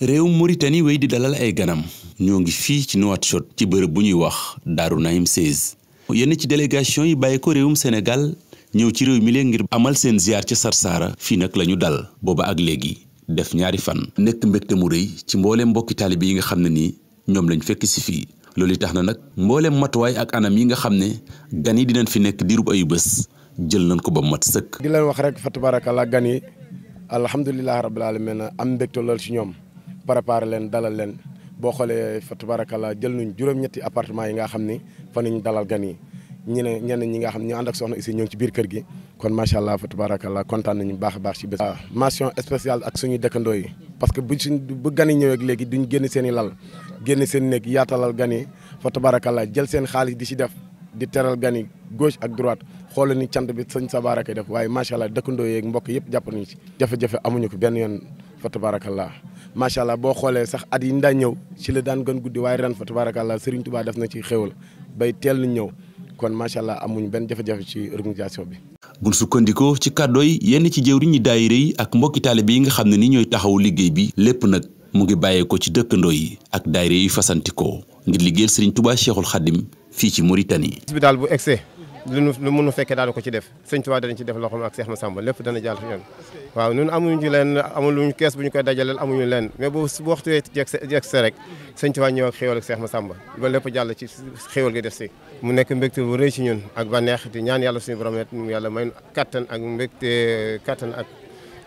réewum Mauritanie wéy di dalal ay ganam ñoo ngi fii ci Nouakchott ci bërëb bu ñuy wax Daaru Naim 16 yenn ci délégation yi bàyyi ko réewum senegal ñëw ci réew mi leen ngir amal seen ziar ca Sarsara fii nag la ñu dal booba ak léegi def ñaari fan nekk mbégte mu rëy ci mbooleem mbokki taalibe yi nga xam ne nii ñoom lañ fekk si fii loolu tax na nag mbooleem matuwaay ak anam yi nga xam ne gan yi dinañ fi nekk diirub ayu bés jël nañ ko ba mat sëkk. di leen wax rek fa tabarakallah gan yi alhamdulilah rabbil alamin am mbégte ci ñoom préparé leen dalal leen boo xoolee fa tabarakallah jël nañ juróom-ñetti appartement yi nga xam ni fa nañ dalal gan yi ñi ne ñenn ñi nga xam ñu ànd ak soxna aussi ñoo ci biir kër gi kon macha allah fa tabarakallah kontaan nañu baax a baax ci bés. mention spéciale ak suñuy dëkkandoo yi parce que bu suñ bu gan yi ñëwee léegi duñ génn seen lal génn seen néeg yaatalal gan yi fa tabarakallah jël seen xaalis di ci def di teral gani gauche ak droite xoolal ni cant bi sëñ Sabara koy def waaye macha allah dëkkandoo yeeg mbokk yëpp jàpp ci. jafe-jafe amuñu ko benn yoon fa tabarakallah macha allah boo xoolee sax at yi ñu daan ñëw ci la daan gën guddi waaye ren fa tabarakallah Serigne Touba def na ci xéwal bay teel nañ ñëw kon macha allah amuñu benn jafe-jafe ci organisation bi. buñ sukkandikoo ci kàddooy yenn ci jëwriñu daayira yi ak mbokki taalibe yi nga xam ne ni ñooy taxawu liggéey bi lépp nag mu ngi bàyyee ko ci yi ak daayira yi fasantikoo ngir liggéeyal Serigne Touba Cheikhul Khadim fii ci Mauritanie. bis lu lu mënu fekkee daal ko ci def sëñ Tuubaa danañ ci def loxoom ak Seex Masamba lépp dana jàll fi yoon waaw ñun amuñu leen amuñu kees bu ñu koy dajaleel amuñu leen mais bu bu waxtu wee jeeg se rek sëñ Tuubaa ñëw ak xéewal ak Seex sàmba ba lépp jàll ci xéewal gi def si mu nekk mbégte bu rëy ci ñun ak bànneex di ñaan yàlla suñu borom ne yàlla may kattan ak mbégte kattan ak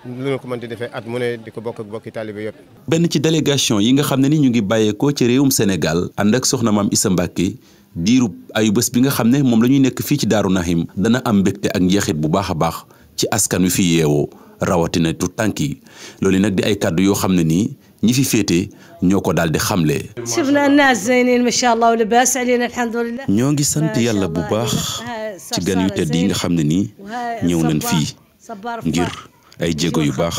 lu ñu ko mën di defee at mu ne di ko bokk ak bokki taalibe yëpp. benn ci délégation yi nga xam ne ni ñu ngi bàyyeekoo ci réewum Sénégal ànd ak soxna maam Issa Mbacke diiru ayu bés bi nga xam ne moom la ñuy nekk fii ci Daaru Nahim dana am mbégte ak njeexit bu baax a baax ci askan wi fi yeewoo rawatina tu tànk yi loolu nag di ay kàddu yoo xam ne nii ñi fi féete ñoo ko daal di xamle. ñoo ngi sant yàlla bu baax ci gan nga xam ne nii ñëw nañ fii ngir ay jéego yu baax.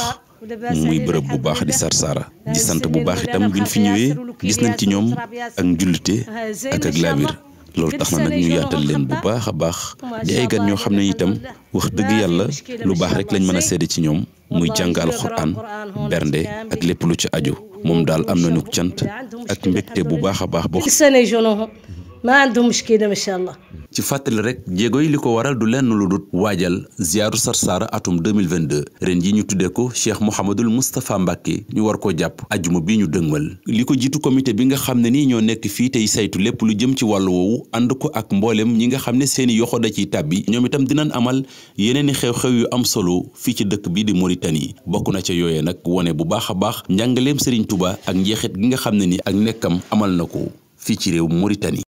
muy bërëb bu baax di Sarsara di sant bu baax itam buñ fi ñëwee gis nañ ci ñoom ak njullite ak ak laabir loolu tax na nag ñu yaatal leen bu baax a baax di ay gan ñoo xam ne itam wax dëgg yàlla lu baax rek lañ mën a seede ci ñoom muy jàng alxuraan bernde ak lépp lu ci aju moom daal am nañu cant ak mbégte bu baax a baax boo ma antu mushkila macha allah. ci fàttali rek jéego yi li ko waral du lenn lu dut waajal ziyaaru Sarsara atum 2022 ren ji ñu tuddee ko Cheikh Mouhamadul Moustapha Mbacke ñu war koo jàpp ajuma bi ñu dëngmal li ko jiitu comité bi nga xam ne nii ñoo nekk fii tey saytu lépp lu jëm ci wàllu woowu ànd ko ak mbooleem ñi nga xam ne seeni yoxo da ciy tàbbi ñoom itam dinan amal yeneen i xew-xew yu am solo fii ci dëkk bi di Mauritanie bokk na ca yooyee nag wone bu baax a baax njàngaleem Serigne Touba ak njeexit gi nga xam ne ni ak nekkam amal na ko fii ci réew Mauritanie